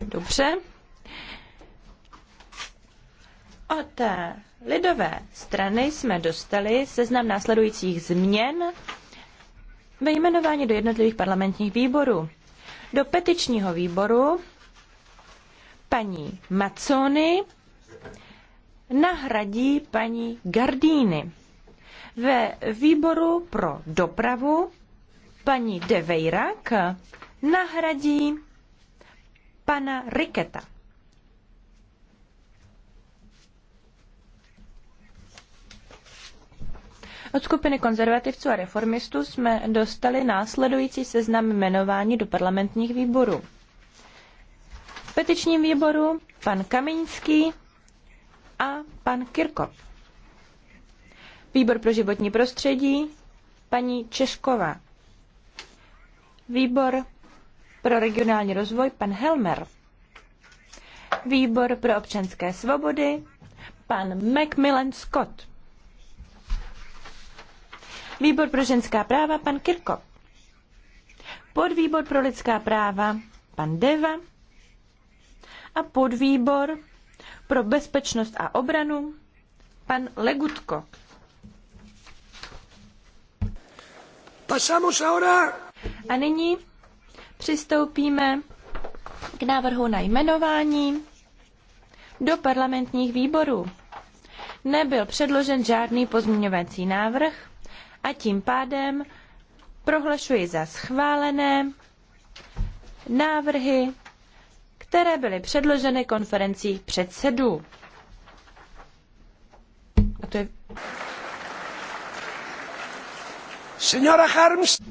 Dobře. Od lidové strany jsme dostali seznam následujících změn ve jmenování do jednotlivých parlamentních výborů. Do petičního výboru paní Macony nahradí paní Gardíny. Ve výboru pro dopravu paní De nahradí pana Riketa. Od skupiny konzervativců a reformistů jsme dostali následující seznam jmenování do parlamentních výborů. V petičním výboru pan Kamiňský a pan Kirkov. Výbor pro životní prostředí paní Češkova. Výbor pro regionální rozvoj pan Helmer, výbor pro občanské svobody pan Macmillan Scott, výbor pro ženská práva pan Kirko. podvýbor pro lidská práva pan Deva a podvýbor pro bezpečnost a obranu pan Legutko. Pasamos ahora... A nyní přistoupíme k návrhu na jmenování do parlamentních výborů. Nebyl předložen žádný pozměňovací návrh a tím pádem prohlašuji za schválené návrhy, které byly předloženy konferencí předsedů. A to je... Senora Harms.